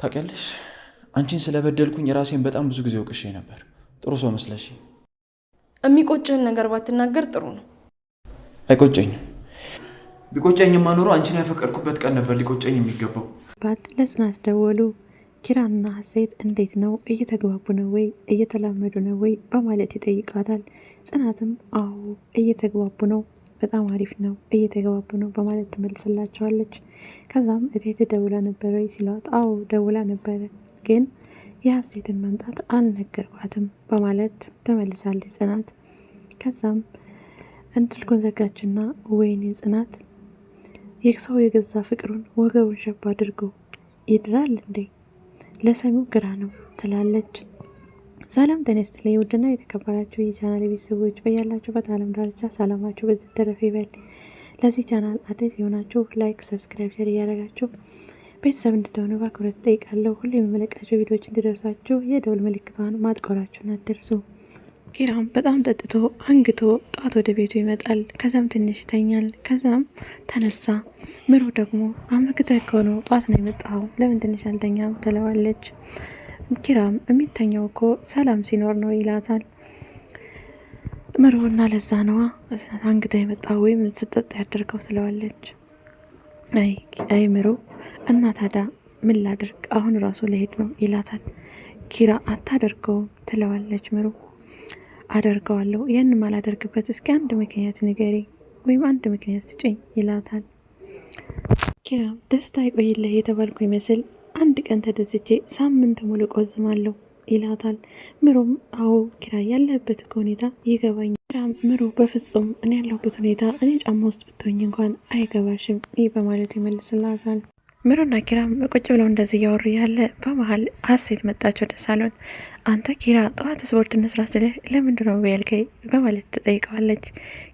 ታውቂያለሽ፣ አንቺን ስለበደልኩኝ ራሴን በጣም ብዙ ጊዜ ወቅሼ ነበር። ጥሩ ሰው መስለሽ። የሚቆጭህን ነገር ባትናገር ጥሩ ነው። አይቆጨኝም። ቢቆጨኝም ማኖሩ አንቺን ያፈቀድኩበት ቀን ነበር ሊቆጨኝ የሚገባው። ባት ለጽናት ደወሉ። ኪራና ሀሴት እንዴት ነው እየተግባቡ ነው ወይ እየተላመዱ ነው ወይ በማለት ይጠይቃታል። ጽናትም አዎ እየተግባቡ ነው በጣም አሪፍ ነው፣ እየተገባቡ ነው በማለት ትመልስላቸዋለች። ከዛም እቴት ደውላ ነበረ ሲሏት፣ አዎ ደውላ ነበረ ግን የሀሴትን መምጣት አልነገርኳትም በማለት ትመልሳለች ጽናት። ከዛም እንትልኩን ዘጋችና ወይኔ ጽናት የሰው የገዛ ፍቅሩን ወገቡን ሸባ አድርጎ ይድራል እንዴ? ለሰሚው ግራ ነው ትላለች። ሰላም ተነስት ላይ ውድና የተከበራችሁ የቻናል ቤተሰቦች በያላችሁበት አለም ዳርቻ ሰላማችሁ በዚህ ተረፍ ይበል። ለዚህ ቻናል አዲስ የሆናችሁ ላይክ፣ ሰብስክራይብ፣ ሸር እያደረጋችሁ ቤተሰብ እንድትሆኑ በአክብሮት እጠይቃለሁ። ሁሉ የሚመለቃቸው ቪዲዮዎች እንዲደርሳችሁ የደውል ምልክቷን ማጥቆራችሁን አትርሱ። ኪራም በጣም ጠጥቶ አንግቶ ጧት ወደ ቤቱ ይመጣል። ከዛም ትንሽ ይተኛል። ከዛም ተነሳ። ምሩ ደግሞ አመክተህ ከሆነ ጧት ነው የመጣው? ለምን ትንሽ አልተኛም? ትለዋለች ኪራም የሚተኛው እኮ ሰላም ሲኖር ነው ይላታል። ምሩና ለዛ ነዋ አንግዳ የመጣ ወይም ስጠጣ ያደርገው ስለዋለች። አይ ምሮ፣ እና ታዲያ ምን ላድርግ አሁን ራሱ ለሄድ ነው ይላታል። ኪራ አታደርገውም ትለዋለች ምሮ። አደርገዋለሁ ይህን ማላደርግበት እስኪ አንድ ምክንያት ንገሪ ወይም አንድ ምክንያት ስጭኝ ይላታል። ኪራም ደስታ ይቆይልህ የተባልኩ ይመስል አንድ ቀን ተደስቼ ሳምንት ሙሉ ቆዝማለሁ ይላታል። ምሩም አዎ ኪራይ ያለበት ሁኔታ ይገባኝ። ምሮ በፍጹም እኔ ያለሁበት ሁኔታ እኔ ጫማ ውስጥ ብትሆኝ እንኳን አይገባሽም፣ ይህ በማለት ይመልስላታል። ምሮና ኪራም ቁጭ ብለው እንደዚህ እያወሩ ያለ በመሀል ሀሴት መጣች ወደ ሳሎን። አንተ ኪራ ጠዋት ስፖርት እንስራ ስልህ ለምንድን ነው ያልከኝ? በማለት ትጠይቀዋለች።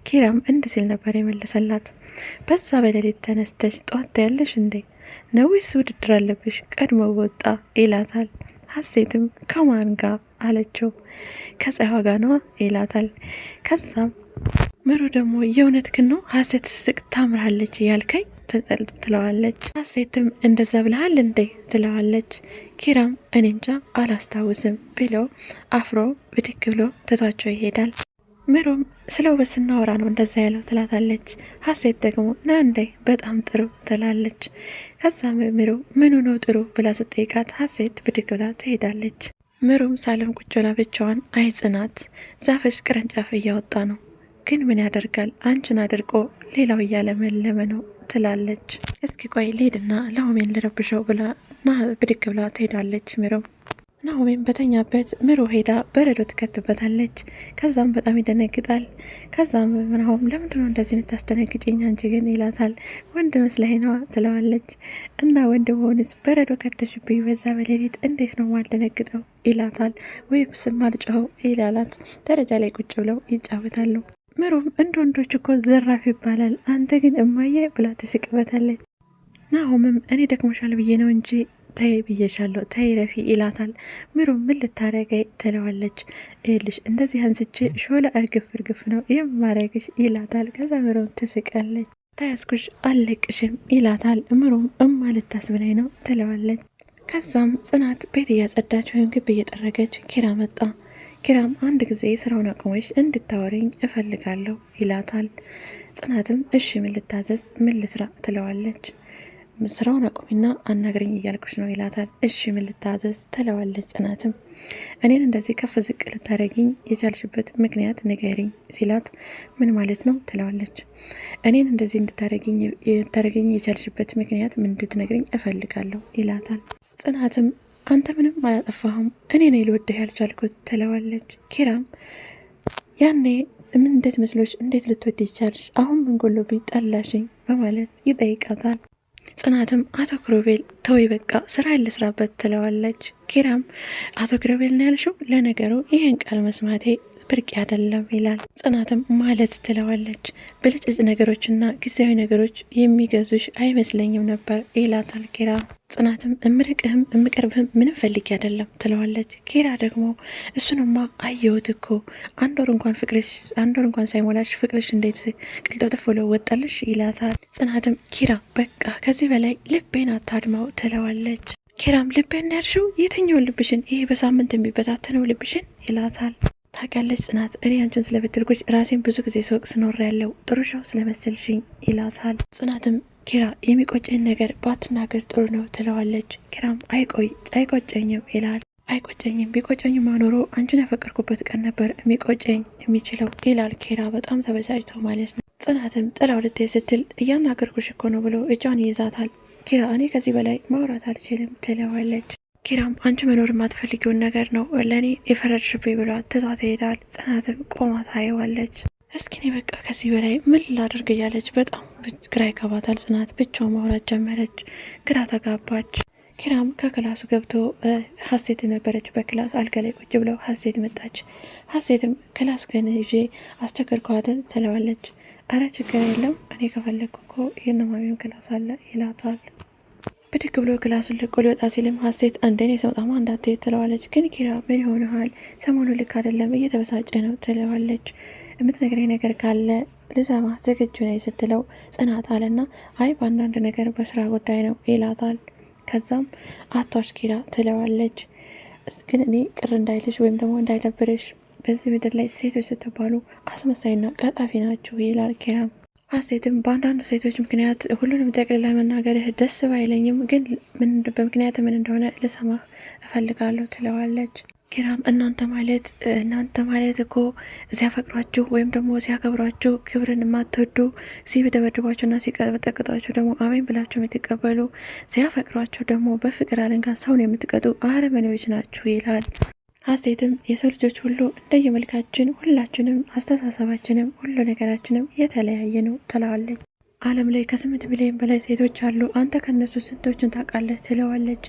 ኪራም እንድ ሲል ነበር የመለሰላት፣ በዛ በሌሊት ተነስተሽ ጠዋት ታያለሽ እንዴ? ነው ውድድር አለብሽ ቀድሞ ወጣ ይላታል። ሀሴትም ከማን ጋር አለችው። ከፀሐይዋ ጋር ነዋ ይላታል። ከዛም ምሩ ደግሞ የእውነት ክኖ ሀሴት ስቅ ታምራለች ያልከኝ ትለዋለች። ሀሴትም እንደዛ ብለሃል እንዴ ትለዋለች። ኪራም እኔ እንጃ አላስታውስም ብሎ አፍሮ ብድግ ብሎ ትቷቸው ይሄዳል። ምሩም ስለ ውበት ስናወራ ነው እንደዛ ያለው ትላታለች። ሀሴት ደግሞ ና እንዴ በጣም ጥሩ ትላለች። ከዛ ምሩ ምኑ ነው ጥሩ ብላ ስጠይቃት ሀሴት ብድግ ብላ ትሄዳለች። ምሩም ሳለም ቁጭ ብላ ብቻዋን አይ ጽናት ዛፍሽ ቅርንጫፍ እያወጣ ነው፣ ግን ምን ያደርጋል አንቺን አድርቆ ሌላው እያለመለመ ነው ትላለች። እስኪ ቆይ ሌድና ለሆሜን ልረብሸው ብላ ና ብድግ ብላ ትሄዳለች ምሩም ናሆሜን በተኛበት ምሮ ሄዳ በረዶ ትከትበታለች። ከዛም በጣም ይደነግጣል። ከዛም ምናሆም ለምንድን ነው እንደዚህ የምታስደነግጭኝ አንቺ ግን ይላታል። ወንድ መስላይ ነዋ ትለዋለች። እና ወንድ መሆንስ በረዶ ከተሽብኝ በዛ በሌሊት እንዴት ነው ማልደነግጠው ይላታል። ወይ ብስም አልጮኸው ይላላት። ደረጃ ላይ ቁጭ ብለው ይጫወታሉ። ምሩም እንደ ወንዶች እኮ ዘራፍ ይባላል፣ አንተ ግን እማዬ ብላ ትስቅበታለች። ናሆምም እኔ ደክሞሻል ብዬ ነው እንጂ ተይ ብዬሻለሁ ተይ ረፊ ይላታል። ምሩ ምን ልታረገይ ትለዋለች። ይልሽ እንደዚህ አንስቼ ሾለ እርግፍ እርግፍ ነው ይህም ማረግሽ ይላታል። ከዛ ምሩ ትስቃለች። ታያስኩሽ አለቅሽም ይላታል። ምሩም እማ ልታስብላይ ነው ትለዋለች። ከዛም ጽናት ቤት እያጸዳች ወይም ግብ እየጠረገች ኪራ መጣ። ኪራም አንድ ጊዜ ስራውን አቁመሽ እንድታወሪኝ እፈልጋለሁ ይላታል። ጽናትም እሺ ምን ልታዘዝ ምን ልስራ ትለዋለች። ስራውን አቁሚና አናግረኝ እያልኩሽ ነው ይላታል። እሺ ምን ልታዘዝ ትለዋለች ጽናትም እኔን እንደዚህ ከፍ ዝቅ ልታደርጊኝ የቻልሽበት ምክንያት ንገሪኝ ሲላት ምን ማለት ነው ትለዋለች። እኔን እንደዚህ እንድታደርጊኝ የቻልሽበት ምክንያት ምን እፈልጋለሁ ይላታል። ጽናትም አንተ ምንም አላጠፋሁም እኔ ነኝ ልወድህ ያልቻልኩት ትለዋለች። ኪራም ያኔ ምን እንዴት መስሎች እንዴት ልትወድ ይቻልሽ? አሁን ምን ጎሎብኝ ጠላሽኝ? በማለት ይጠይቃታል። ጽናትም አቶ ክሮቤል ተወይ በቃ ስራ ልስራበት ትለዋለች። ኪራም አቶ ክሮቤል ነው ያልሽው፣ ለነገሩ ይህን ቃል መስማቴ ብርቅ አይደለም ይላል። ጽናትም ማለት ትለዋለች። ብልጭልጭ ነገሮችና ጊዜያዊ ነገሮች የሚገዙሽ አይመስለኝም ነበር ይላታል ኪራ። ጽናትም እምርቅህም እምቅርብህም ምንም ፈልጌ አይደለም ትለዋለች። ኪራ ደግሞ እሱንማ አየሁት እኮ አንድ ወር እንኳን ፍቅርሽ አንድ ወር እንኳን ሳይሞላሽ ፍቅርሽ እንዴት ቅልጥፍጥፍ ብሎ ወጣልሽ ይላታል። ጽናትም ኪራ በቃ ከዚህ በላይ ልቤን አታድማው ትለዋለች። ኪራም ልቤን ያልሽው የትኛውን ልብሽን? ይሄ በሳምንት የሚበታተነው ልብሽን ይላታል። ታውቂያለሽ ጽናት፣ እኔ አንቺን ስለበደልኩሽ ራሴን ብዙ ጊዜ ሶቅ ስኖር ያለው ጥሩ ሰው ስለመሰልሽኝ ይላታል። ጽናትም ኪራ የሚቆጨኝ ነገር ባትናገር ጥሩ ነው ትለዋለች። ኪራም አይቆይ አይቆጨኝም ይላል። አይቆጨኝም ቢቆጨኝ ማኖሮ አንቺን ያፈቀርኩበት ቀን ነበር የሚቆጨኝ የሚችለው ይላል ኪራ በጣም ተበሳጭተው ማለት ነው። ጽናትም ጥላው ልትሄድ ስትል እያናገርኩሽ እኮ ነው ብሎ እጇን ይይዛታል። ኪራ እኔ ከዚህ በላይ ማውራት አልችልም ትለዋለች። ኪራም አንቺ መኖር የማትፈልጊውን ነገር ነው ለእኔ የፈረድሽብኝ ብሏት ትቷት ይሄዳል። ጽናትም ቆማ ታየዋለች። እስኪ እኔ በቃ ከዚህ በላይ ምን ላደርግ እያለች በጣም ግራ ይገባታል። ጽናት ብቻው ማውራት ጀመረች፣ ግራ ተጋባች። ኪራም ከክላሱ ገብቶ ሀሴት ነበረች በክላስ አልጋ ላይ ቁጭ ብለው ሀሴት መጣች። ሀሴትም ክላስ ግን ይዤ አስቸገርኳትን ትለዋለች። አረ ችግር የለም እኔ ከፈለግኩ እኮ ይህን ክላስ አለ ይላታል። ብድግ ብሎ ክላሱን ለቆ ሊወጣ ሲልም ሀሴት አንደን የሰውጣማ እንዳትሄድ ትለዋለች። ግን ኪራ ምን ይሆንሃል? ሰሞኑ ልክ አይደለም እየተበሳጨ ነው ትለዋለች። የምትነግረኝ ነገር ካለ ልሰማ ዝግጁ ነኝ ስትለው ጽናት አለና አይ በአንዳንድ ነገር በስራ ጉዳይ ነው ይላታል። ከዛም አቷሽ ኪራ ትለዋለች። ግን እኔ ቅር እንዳይልሽ ወይም ደግሞ እንዳይደብርሽ በዚህ ምድር ላይ ሴቶች ስትባሉ አስመሳይና ቀጣፊ ናቸው ይላል ኪራም ሀሴትም በአንዳንድ ሴቶች ምክንያት ሁሉንም ጠቅልላ መናገርህ ደስ ባይለኝም ግን በምክንያት ምን እንደሆነ ልሰማ እፈልጋለሁ ትለዋለች። ኪራም እናንተ ማለት እናንተ ማለት እኮ ሲያፈቅሯችሁ ወይም ደግሞ ሲያከብሯችሁ ክብርን የማትወዱ ና ሲቀጠቅጧችሁ ደግሞ አሜን ብላችሁ የምትቀበሉ ሲያፈቅሯችሁ ደግሞ በፍቅር አለንጋ ሰውን የምትቀጡ አረመኔዎች ናችሁ ይላል። ሀሴትም የሰው ልጆች ሁሉ እንደየመልካችን ሁላችንም አስተሳሰባችንም ሁሉ ነገራችንም የተለያየ ነው ትለዋለች። ዓለም ላይ ከስምንት ሚሊዮን በላይ ሴቶች አሉ፣ አንተ ከነሱ ስንቶቹን ታውቃለህ? ትለዋለች።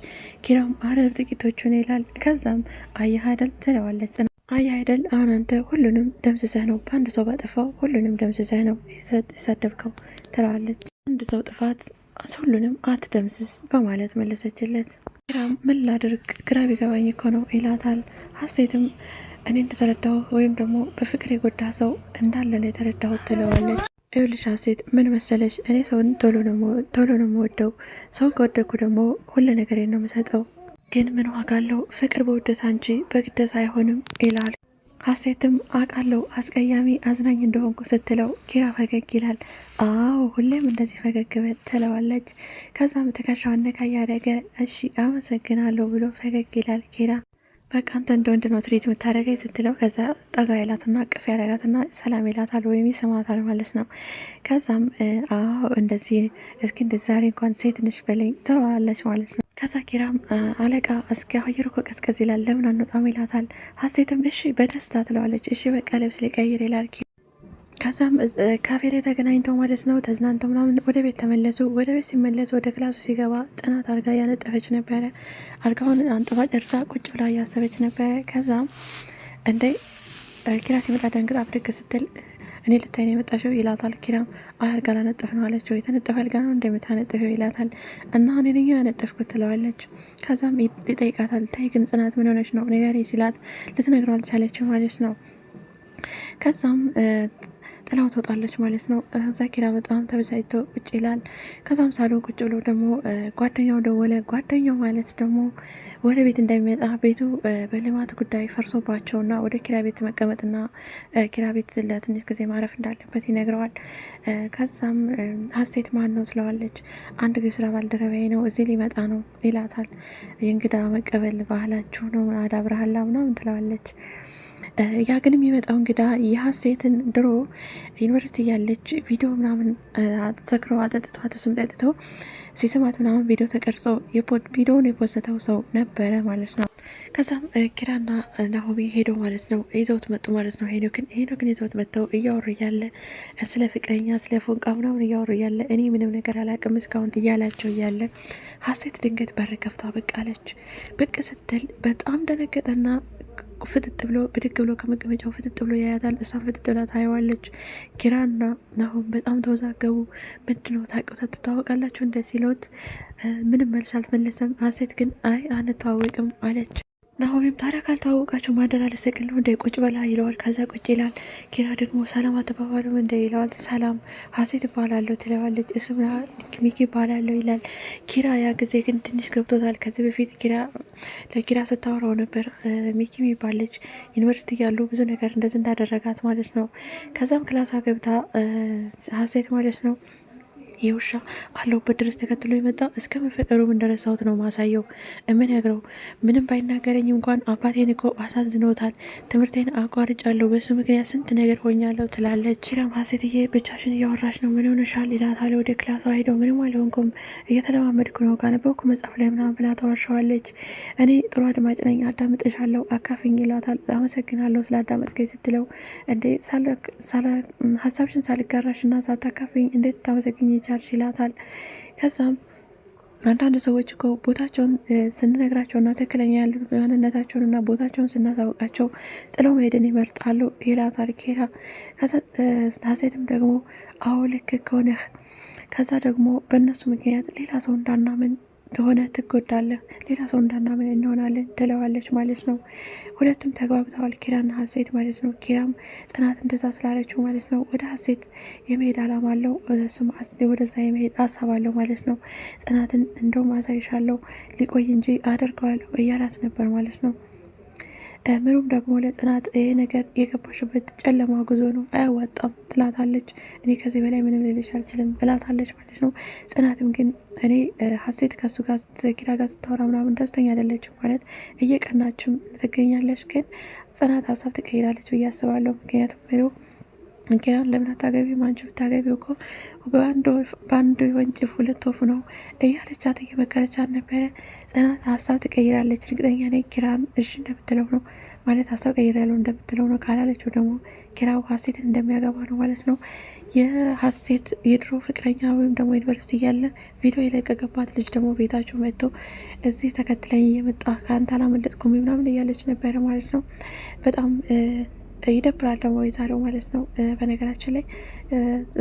ኪራም አረብ ጥቂቶቹን ይላል። ከዛም አየህ አይደል ትለዋለች። አየህ አይደል አሁን አንተ ሁሉንም ደምስሰህ ነው በአንድ ሰው ባጠፋው ሁሉንም ደምስሰህ ነው የሰደብከው ትለዋለች። አንድ ሰው ጥፋት ሁሉንም አትደምስስ በማለት መለሰችለት። ኪራም ምን ላድርግ ግራ ቢገባኝ እኮ ነው ይላታል። ሀሴትም እኔ እንደተረዳሁ ወይም ደግሞ በፍቅር የጎዳ ሰው እንዳለ ነው የተረዳሁት ትለዋለች። ይኸውልሽ ሀሴት ምን መሰለሽ፣ እኔ ሰውን ቶሎ ነው የምወደው። ሰው ከወደድኩ ደግሞ ሁለ ነገሬን ነው የምሰጠው። ግን ምን ዋጋ አለው ፍቅር በውደታ እንጂ በግደታ አይሆንም ይላል። ሀሴትም አውቃለሁ አስቀያሚ አዝናኝ እንደሆንኩ ስትለው ኪራ ፈገግ ይላል። አዎ ሁሌም እንደዚህ ፈገግ በል ትለዋለች። ከዛም ትከሻዋን ነካ እያደረገ እሺ አመሰግናለሁ ብሎ ፈገግ ይላል ኪራ። በቃ አንተ እንደ ወንድ ነው ትሪት የምታደርገኝ ስትለው ከዛ ጠጋ ይላትና ቅፍ ያደረጋትና ሰላም ይላታል ወይም ይስማታል ማለት ነው። ከዛም አዎ እንደዚህ እስኪ እንደዛሬ እንኳን ሴት ነሽ በለኝ ትለዋለች ማለት ነው። ከዛ ኪራም አለቃ እስኪ አየር እኮ ቀዝቀዝ ይላል ለምን አንወጣም ይላታል። ሀሴትም እሺ በደስታ ትለዋለች። እሺ በቃ ልብስ ሊቀይር ይላል። ከዛም ካፌ ላይ ተገናኝተው ማለት ነው ተዝናንተው ምናምን ወደ ቤት ተመለሱ። ወደ ቤት ሲመለሱ ወደ ክላሱ ሲገባ ጽናት አልጋ እያነጠፈች ነበረ። አልጋውን አንጥፋ ጨርሳ ቁጭ ብላ እያሰበች ነበረ። ከዛም እንደ ኪራ ሲመጣ ደንግጣ ብድግ ስትል እኔ ልታይ ነው የመጣሽው ይላታል። ኪራም አይ አልጋ ላነጥፍ ነው አለችው። የተነጠፈ አልጋ ነው እንደምታነጥፈው ይላታል። እና እኔ ነኝ ያነጠፍኩት ትለዋለች። ከዛም ይጠይቃታል። ታይ ግን ጽናት ምን ሆነች ነው ንገሪ ሲላት ልትነግረው አልቻለችው ማለት ነው። ከዛም ጥላው ትወጣለች ማለት ነው። ዛኪራ በጣም ተበሳጭቶ ቁጭ ይላል። ከዛም ሳሎን ቁጭ ብሎ ደግሞ ጓደኛው ደወለ። ጓደኛው ማለት ደግሞ ወደ ቤት እንደሚመጣ ቤቱ በልማት ጉዳይ ፈርሶባቸውና ወደ ኪራ ቤት መቀመጥና ኪራ ቤት ለትንሽ ጊዜ ማረፍ እንዳለበት ይነግረዋል። ከዛም ሀሴት ማን ነው ትለዋለች። አንድ ጊዜ ስራ ባልደረባዬ ነው እዚህ ሊመጣ ነው ይላታል። የእንግዳ መቀበል ባህላችሁ ነው አዳብረሃላ ምናምን ትለዋለች። ያ ግን የሚመጣው እንግዳ የሀሴትን ድሮ ዩኒቨርሲቲ ያለች ቪዲዮ ምናምን ሰክረው አጠጥተው አትሱም ጠጥተው ሲስማት ምናምን ቪዲዮ ተቀርጾ ቪዲዮን የፖሰተው ሰው ነበረ ማለት ነው። ከዛም ኪራና ናሆሚ ሄዶ ማለት ነው ይዘውት መጡ ማለት ነው። ሄኖክን ሄኖክን ይዘውት መጥተው እያወሩ እያለ ስለ ፍቅረኛ ስለ ፎንቃ ምናምን እያወሩ እያለ እኔ ምንም ነገር አላውቅም እስካሁን እያላቸው እያለ ሀሴት ድንገት በር ከፍታ ብቅ አለች። ብቅ ስትል በጣም ደነገጠና ፍጥጥ ብሎ ብድግ ብሎ ከመቀመጫው ፍጥጥ ብሎ ያያታል። እሷን ፍጥጥ ብላ ታየዋለች። ኪራና ናሆም በጣም ተወዛገቡ። ምንድነው ታውቂው ትታወቃላችሁ እንደ ሲሎት ምንም መልስ አልመለሰም። ሀሴት ግን አይ አንተዋወቅም አለች። ናሆሚም ታዲያ ካልተዋወቃቸው ማደር አልሰቅል ነው እንደ ቁጭ በላ ይለዋል። ከዛ ቁጭ ይላል። ኪራ ደግሞ ሰላም አትባባሉም እንደ ይለዋል። ሰላም ሀሴት እባላለሁ ትለዋለች። እሱም ሚኪ ይባላለሁ ይላል። ኪራ ያ ጊዜ ግን ትንሽ ገብቶታል። ከዚህ በፊት ኪራ ለኪራ ስታወራው ነበር። ሚኪ ይባለች ዩኒቨርሲቲ ያሉ ብዙ ነገር እንደዚህ እንዳደረጋት ማለት ነው። ከዛም ክላሷ ገብታ ሀሴት ማለት ነው ይህ ውሻ አለሁበት ድረስ ተከትሎ የመጣ እስከ መፈጠሩም እንደረሳሁት ነው ማሳየው። እምነግረው ምንም ባይናገረኝ እንኳን አባቴን እኮ አሳዝኖታል፣ ትምህርቴን አቋርጫለሁ፣ በሱ ምክንያት ስንት ነገር ሆኛለሁ ትላለች። ኪራም ሀሴትዬ ብቻሽን እያወራሽ ነው ምን ሆነሻል? ይላታል። ወደ ክላሷ ሄደው ምንም አልሆንኩም እየተለማመድኩ ነው ካነበብኩ መጽሐፍ ላይ ምናምን ብላ ተዋሻዋለች። እኔ ጥሩ አድማጭ ነኝ፣ አዳምጥሻለሁ፣ አካፍኝ ይላታል። አመሰግናለሁ ስለ አዳመጥከኝ ስትለው እንዴ ሀሳብሽን ሳልጋራሽ እና ሳታካፍኝ እንዴት ታመሰግኝ ከቻልሽ ይላታል። ከዛም አንዳንድ ሰዎች እኮ ቦታቸውን ስንነግራቸው ስንነግራቸውና ትክክለኛ ማንነታቸውን እና ቦታቸውን ስናሳውቃቸው ጥለው መሄድን ይመርጣሉ ይላታል ኬላ። ሀሴትም ደግሞ አዎ ልክ ከሆነህ ከዛ ደግሞ በእነሱ ምክንያት ሌላ ሰው እንዳናምን ከሆነ ትጎዳለህ፣ ሌላ ሰው እንዳናምን እንሆናለን ትለዋለች ማለት ነው። ሁለቱም ተግባብተዋል ኪራና ሀሴት ማለት ነው። ኪራም ጽናት እንደዛ ስላለችው ማለት ነው ወደ ሀሴት የመሄድ አላማ አለው። እሱም ወደዛ የመሄድ ሀሳብ አለው ማለት ነው። ጽናትን እንደውም አሳይሻለሁ ሊቆይ እንጂ አደርገዋለሁ እያላት ነበር ማለት ነው። ምሩም ደግሞ ለጽናት ይሄ ነገር የገባሽበት ጨለማ ጉዞ ነው አያዋጣም ትላታለች። እኔ ከዚህ በላይ ምንም ልልሽ አልችልም ብላታለች ማለት ነው። ጽናትም ግን እኔ ሀሴት ከሱ ጋር ኪራ ጋር ስታወራ ምናምን ደስተኛ አይደለችም ማለት እየቀናችም ትገኛለች። ግን ጽናት ሀሳብ ትቀይራለች ብዬ አስባለሁ። ምክንያቱም ምሩ ምክንያቱም ለምን አታገቢ አንቺ ብታገቢው እኮ በአንዱ ወንጭፍ ሁለት ወፍ ነው እያለቻት እየመከረቻት ነበረ። ጽናት ሀሳብ ትቀይራለች። እርግጠኛ ነኝ ኪራም እሺ እንደምትለው ነው ማለት ሀሳብ ቀይር ያለው እንደምትለው ነው። ካላለችው ደግሞ ኪራው ሀሴትን እንደሚያገባ ነው ማለት ነው። የሀሴት የድሮ ፍቅረኛ ወይም ደግሞ ዩኒቨርሲቲ እያለ ቪዲዮ የለቀቀባት ልጅ ደግሞ ቤታቸው መጥቶ እዚህ ተከትለኝ እየመጣ ከአንተ አላመለጥኩም ምናምን እያለች ነበረ ማለት ነው በጣም ይደብራል ደግሞ የዛሬው ማለት ነው። በነገራችን ላይ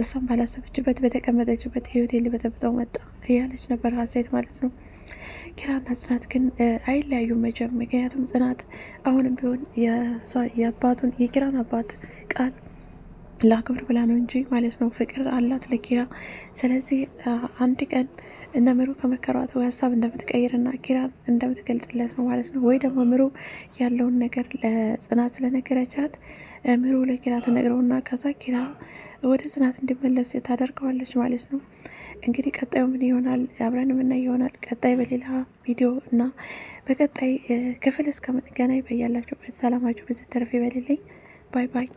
እሷም ባላሰበችበት በተቀመጠችበት ህይወት ሊበጠብጠው መጣ እያለች ነበር ሀሴት ማለት ነው። ኪራና ጽናት ግን አይለያዩም መቼም። ምክንያቱም ጽናት አሁንም ቢሆን የአባቱን የኪራን አባት ቃል ላክብር ብላ ነው እንጂ ማለት ነው ፍቅር አላት ለኪራ። ስለዚህ አንድ ቀን እና ምሩ ከመከሯት ሀሳብ እንደምትቀይርና ኪራን እንደምትገልጽለት ነው ማለት ነው። ወይ ደግሞ ምሩ ያለውን ነገር ለጽናት ስለነገረቻት ምሩ ለኪራ ትነግረውና ከዛ ኪራ ወደ ጽናት እንዲመለስ ታደርገዋለች ማለት ነው። እንግዲህ ቀጣዩ ምን ይሆናል አብረን የምናይ ይሆናል። ቀጣይ በሌላ ቪዲዮ እና በቀጣይ ክፍል እስከምንገናኝ በያላችሁበት ሰላማችሁ ብዙ ትርፍ ይበልልኝ። ባይ ባይ።